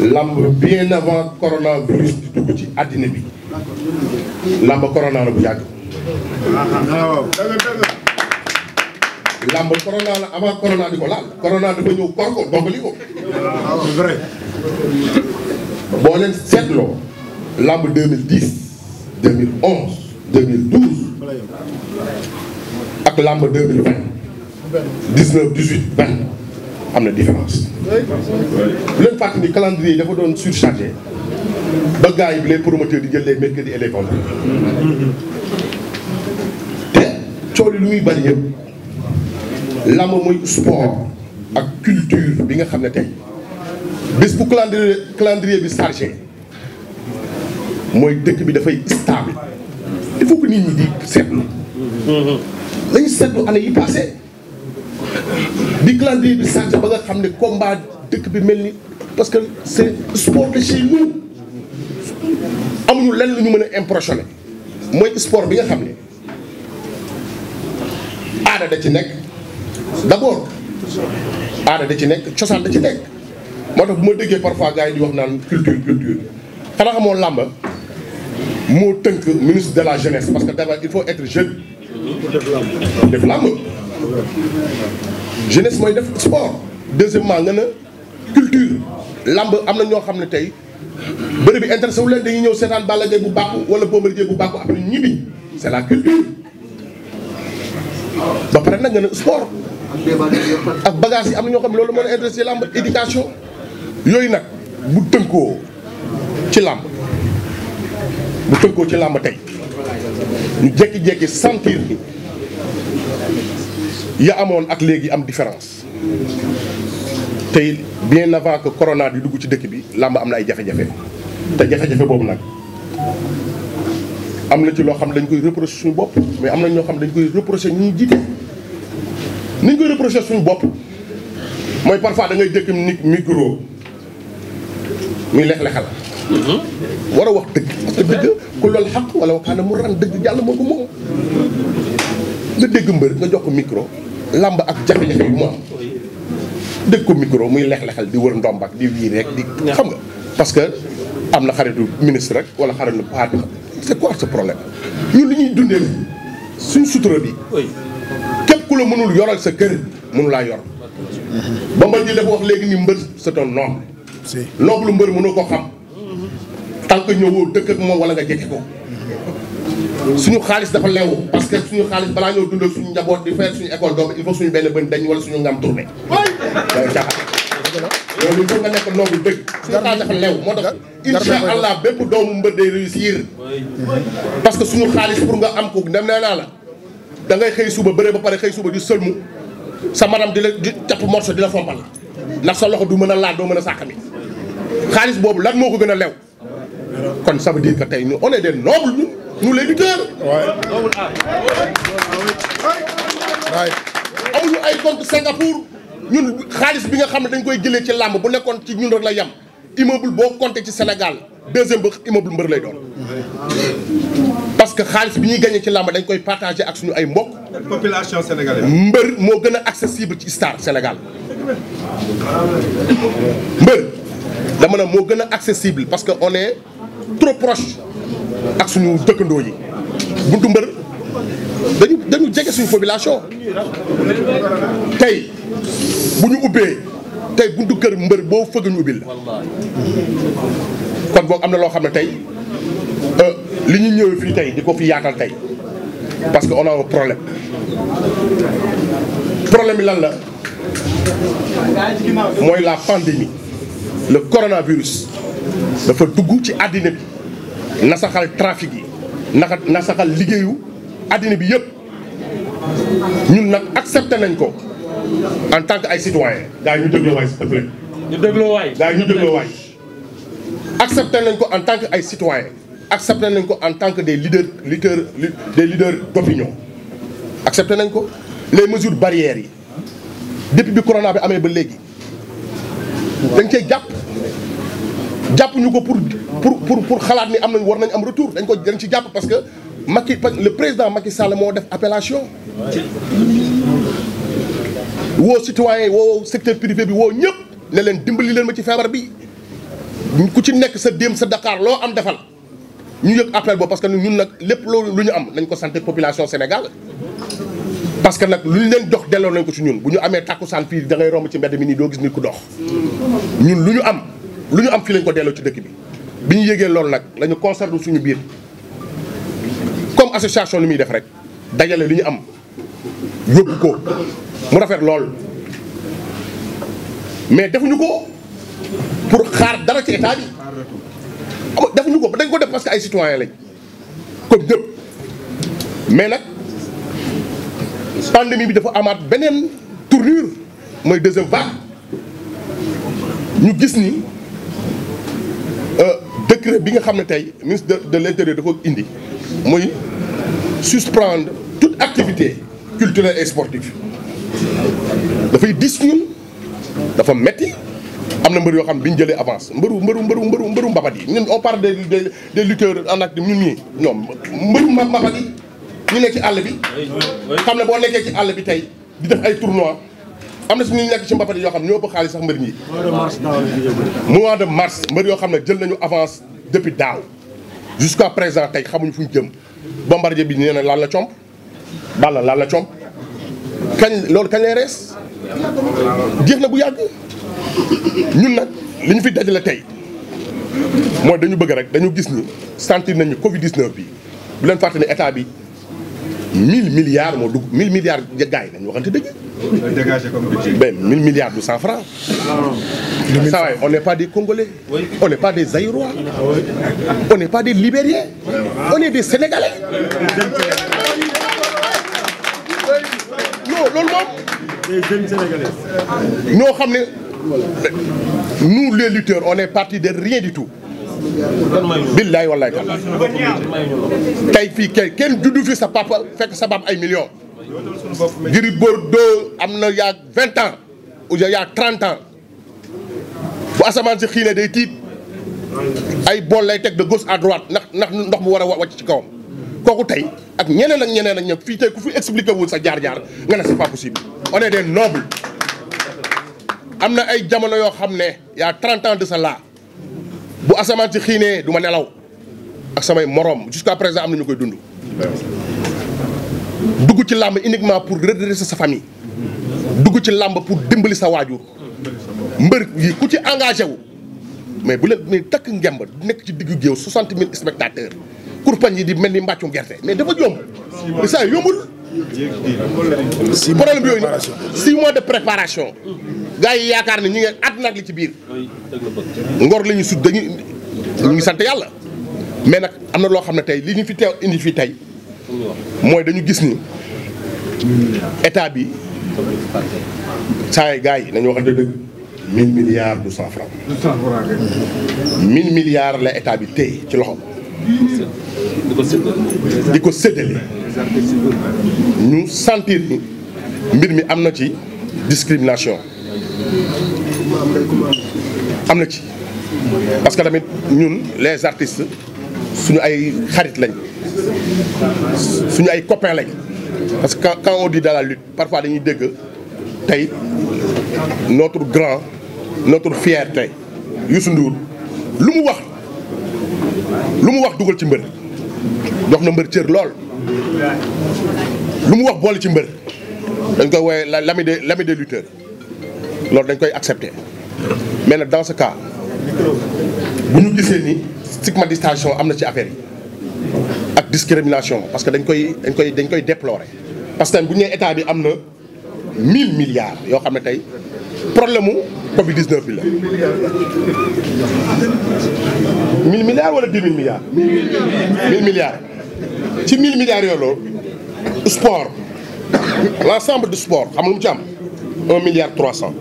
lamb bien avant coronavirus di dugg ci àddina bi lamb corona la bu yàgg. lamb corona la avant corona di ko laal corona dafa ñëw kor ko dogali ko. boo leen seetloo làmb 2010 2011 2012 ak làmb 2020 19 18 20 am na différence. bu leen fàttali ni calendrier yi dafa doon surchargé ba gars yi bi les promoteurs di jël les mercredis et les vendredis te coono lu muy bari yëpp làmb mooy sport ak culture bi nga xam ne tey. bis bu calendrier calendrier bi chargé mooy dëkk bi dafay stable il faut nit ñi di seetlu. nañu seetlu année yi passé di calendrier bi chargé ba nga xam ne combat dëkk bi mel ni parce que c'est sport de chez nous amuñu lenn lu mën a impressionné mooy sport bi nga xam ne aada da ci nekk d'abord aada da ci nekk cosaan da ci nekk. moo tax bu ma déggee parfois gars yi di wax naan culture culture xanaa xamoo làmb moo tënk ministre de la jeunesse parce que d'abord il faut être jeune. def làmb jeunesse mooy def sport. deuxièmement nga ne culture làmb am na ñoo xam ne tey bëri bi intéressé wu ñëw seetaan Balla Gaye bu baaxu wala Bombardier bu baaxu après ñibbi c'est la culture ba pare nag nga ne sport. ak bagage yi am na ñoo xam ne loolu moo la intéressé làmb éducation. yooyu nag bu tënkoo ci làmb bu tënkoo ci làmb tey ñu jékki-jékki sentir ni ya amoon ak léegi am différence tey bien avant que corona di dugg ci dëkk bi làmb am na ay jafe-jafe te jafe-jafe boobu nag am na ci loo xam dañ koy reprocher suñu bopp mais am na ñoo xam dañ koy reprocher ñu jiite ni ñu koy reprocher suñu bopp mooy parfois da ngay dëkk nit micro muy lex lexel war a wax dëgg parce dëgg ku lool xaq wala waxaana mu ran dëgg yàlla moo ko moom nga dégg mbër nga jox ko micro làmb ak jafe-jafe yi mu am ko micro muy lex-lexal di wër ndombak di wii rek di xam nga parce que am na xaritu ministre rek wala xaritu parti c'est quoi sa problème ñun li ñuy dundee suñ sutura bi képp ku la mënul yoral sa kër mënu laa yor ba ma di def wax léegi ni mbër sa ton homme noobu lu mbër mënoo ko xam tant que ñëwoo dëkk ak moom wala nga jekki ko suñu xaalis dafa leew parce que suñu xaalis balaa ñoo dundal suñu njaboot di fayal suñu école donc il faut suñu benn bën suñu ngam tourné day caaxaan loolu il faut nga nekk noobu dëgg suñu xaalis dafa leew moo tax incha allah bépp doomu mbër day réussir parce que suñu xaalis pour nga am ko dem nee naa la dangay xëy suba bëre ba pare xëy suba di sëlmu sa maram di la di capp morso di la fompal ndax sa loxo du mën a laal doo mën a sàkkami xaalis boobu lan moo ko gën a lew kon ça veut dire que tey ñu on est des nobles ñu nous les lutteurs waay ay compte Singapour ñun xaalis bi nga xam ne dañ koy jëlee ci làmb bu nekkoon ci ñun rek la yem immeuble boo compté ci Sénégal deuxième ba immeuble mbër lay doon parce que xaalis bi ñuy gañee ci làmb dañ koy partagé ak suñu ay mbokk. population sénégalaise. mbër moo gën a accessible ci star Sénégal mbër. dama ne moo gën a accessible parce que on est trop proche ak suñu dëkkandoo yi buntu mbër dañu dañu jege suñu population tey bu ñu ubbee tey buntu kër mbër boo fëgg ñu ubbil la kon boog am na loo xam ne tey euh, li ñu ñëwee fii tey di ko fi yaatal tey parce que on a un problème problème bi lan la mooy la pandémie le coronavirus dafa dugg ci àddina bi nasaxal trafic yi naxa nasaxal liggéeyu àddina bi yëpp ñun nag accepté nañ ko en tan que ay citoyen gars ñu dégloo waay ñu dégloo waay ñu dégloo waay accepté nañ ko en tant que ay citoyen accepté nañ ko en tant que des leaders leaders des leaders d'opinion accepté nañ ko les mesures barrières yi depuis bi corona bi amee ba léegi dañ cee jàpp jàpp ñu ko pour pour pour pour xalaat ni am nañ war nañ am retour dañ ko dañ ci jàpp parce que Macky le président Macky Sall moo def appellation. woo citoyen woo secteur privé bi woo ñëpp ne leen dimbali leen ma ci feebar bi ku ci nekk sa déem sa dakaar loo am defal ñu yëg appel boobu parce que ñun nag lépp loolu lu ñu am nañ ko sant population Sénégal. parce que nag lu ñu leen jox delloo nañ ko ci ñun bu ñu amee tàkkusaan fii da ngay romb ci mbedd mi nii doo gis nit ku dox ñun lu ñu am. lu ñu am fii lañ ko delloo ci dëkk bi bi ñu yëgee loolu nag la ñu suñu biir comme association li muy def rek dajale li ñu am yóbbu ko mu rafet lool mais defuñu ko pour xaar dara ci état bi defuñu ko dañ ko def parce que ay citoyen lañ comme ñëpp mais nag pandémie bi dafa amaat beneen tournure mooy deuxième vague ñu gis ni Euh, décret bi nga xam ne tey ministre de l'intérieur dafa indi muy suspendre toute activité culturelle et sportive dafay dis ñun dafa metti am na mbër yoo xam bi ñu jëlee avance mbëru mbëru mbëru mbëru mbëru mbabat yi ñun on parle des de lutteurs en acte mu nii ñoom mbëru mbabat yi ñu ne ci àll bi xam ne boo nekkee ci àll bi tey di def ay tournois am na suñu nekk ci mbapat yoo xam ñoo ëpp xaalis sax mbër ñi. mois de mars mbër yoo xam ne jël nañu avance depuis daaw jusqu'à présent tey xamuñu fu ñu jëm bombardier bi nee na laal la comp balla laal la comp kañ loolu kañ lay rees jeex na bu yàgg ñun nag li ñu fi dajale tey mooy dañu bëgg rek dañu gis ni sentir nañu Covid 19 bi bu leen fàttali ne état bi 1000 milliards moo dugg 1000 milliards gaay nañu waxante dëgg. dégagé comme budget ben 1000 milliards de cent francs. ça va on n'est pas des Congolais. on n'est pas des Zaïrois. on n'est pas des Libériens. on est Sénégalais. non loolu moom. des xam ne nous les lutteurs on est parti de rien du tout. billaay wallaay kan. tey fii kenn kenn juddu fi sa papa fekk sa baam ay millions. Gris Bordeaux am na yaa vingt ans ou bien yaa trente ans bu asamaan si xiinee day tiit ay bool lay teg de gos à droite ndax ndax ndox mu war a wàcc ci kawam kooku tey ak ñeneen ak ñeneen ak ñëpp fii tey ku fi expliqué wul sa jaar-jaar nga ne c'est pas possible on est des am na ay jamono yoo xam ne yaa trente ans de cela bu asamaan si xiinee du ma nelaw ak samay moroom jusqu'à présent am na ñu koy dund dugg ci làmb uniquement pour redresser sa famille dugg ci làmb pour dimbali sa waajur mbër yi ku ci engagé wu mais bu leen mais takk ngemb nekk ci diggu géew soixante mille spectateurs kurpañ yi di mel ni mbàccum gerte mais dafa jomb saa yombul problème yooyu nag six mois de préparation gars yi yaakaar ne ñu ngi at nag li ci biir ngor lañu ñu sut dañu ñu ngi sant yàlla mais nag am na loo xam ne tey li ñu fi teew indi fi tey mooy dañu gis ni état bi saa yi gars nañu wax dëgg 1000 milliards 200 francs. milliards la état bi téye ci loxo di ko séddale. di ñu sentir ni mbir mi am na ci discrimination am na ci parce que tamit ñun les artistes. suñu ay xarit lañ suñu ay copains lañ parce que quand on dit dans la parfois dañuy dégg tey notre grand notre fierté Youssou Ndour lu mu wax lu mu wax dugal ci mbër dox na mbër cër lool lu mu wax boole ci mbër dañ koy wooye la des l'ami des lutteurs loolu dañ koy accepter mais nag dans ce cas bu ñu gisee ni stigmatisation am na ci affaire ak discrimination parce que dañ koy dañ koy dañ koy déplorer parce que bu ñu état bi am na 1000 milliards yoo xam ne tey problème mu Covid 19 bi la. 1000 milliards wala 10 000 milliards. 1000 ci 1000 milliards yooyu la sport l' ensemble du sport xam lu mu ci am 1 milliard 300.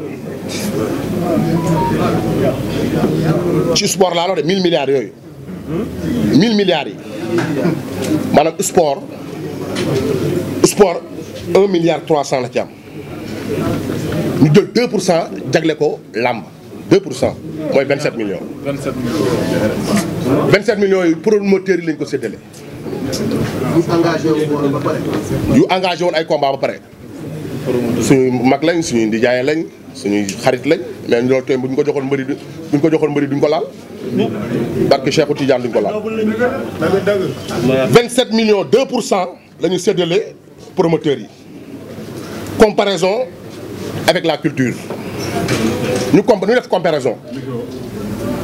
ci sport laa loo de 1000 yooyu. mille milliards yi maanaam sport sport un milliard trois cent la ci am ñu jël deux pour cent jagle ko làmb deux pour cent mooy vingt sept million vingt sept millions. vingt sept millions yi promoteurs yi ko séddale. yu engagé woon ba pare. yu engagé woon ay combat ba pare. su suñuy mag lañ suñuy ndijaay lañ suñuy xarit lañ mais loolu tamit bu ñu ko joxoon mbëri buñ ko joxoon mbëri duñ ko laal barke Cheikhou Tidiane duñ ko laal 27 millions 2 pour cent la ñu séddale promoteurs yi comparaison avec la culture ñu comp ñu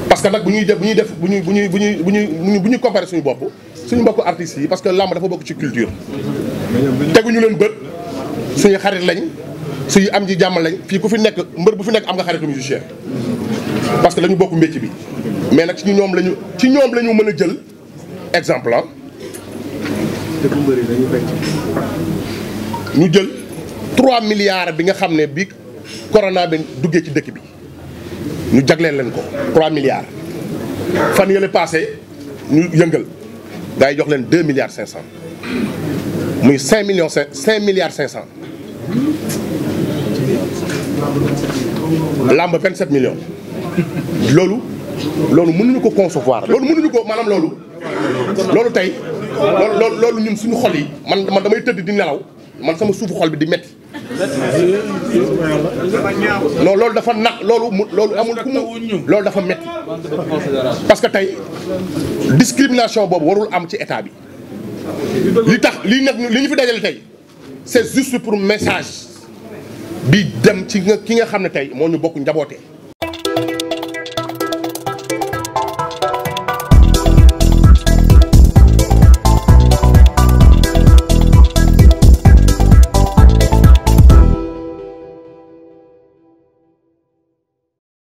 parce que nag bu ñuy def bu ñuy def bu ñuy bu ñuy bu ñuy bu ñuy bu ñuy comparé suñu bopp suñu mbokk artistes yi parce que làmb dafa bokk ci culture teguñu leen bët suñu xarit lañ suñu am ji jàmm lañ fii ku fi nekk mbër bu fi nekk am nga xaritu musicien parce que lañu bokk métier bi mais nag ci ñoom lañu ci ñoom la mën a jël exemple ah. ñu jël 3 milliards bi nga xam ne bi corona bi duggee ci dëkk bi ñu jagleel leen ko 3 milliards fan yale passé ñu yëngal daay jox leen 2 milliards 500. muy 5 millions 5 milliards 500 làmb 27 millions loolu loolu mënuñu ko concevoir loolu mënuñu ko am loolu loolu tey loolu loolu ñun suñu xol yi man man damay tëdd di nelaw man sama suufu xol bi di metti non loolu dafa na loolu loolu amul ku mu loolu dafa metti parce que tey discrimination boobu warul am ci état bi li tax li nag li ñu fi dajale tey c'est juste pour message bi dem ci nga ki nga xam ne tey moo ñu bokk njaboote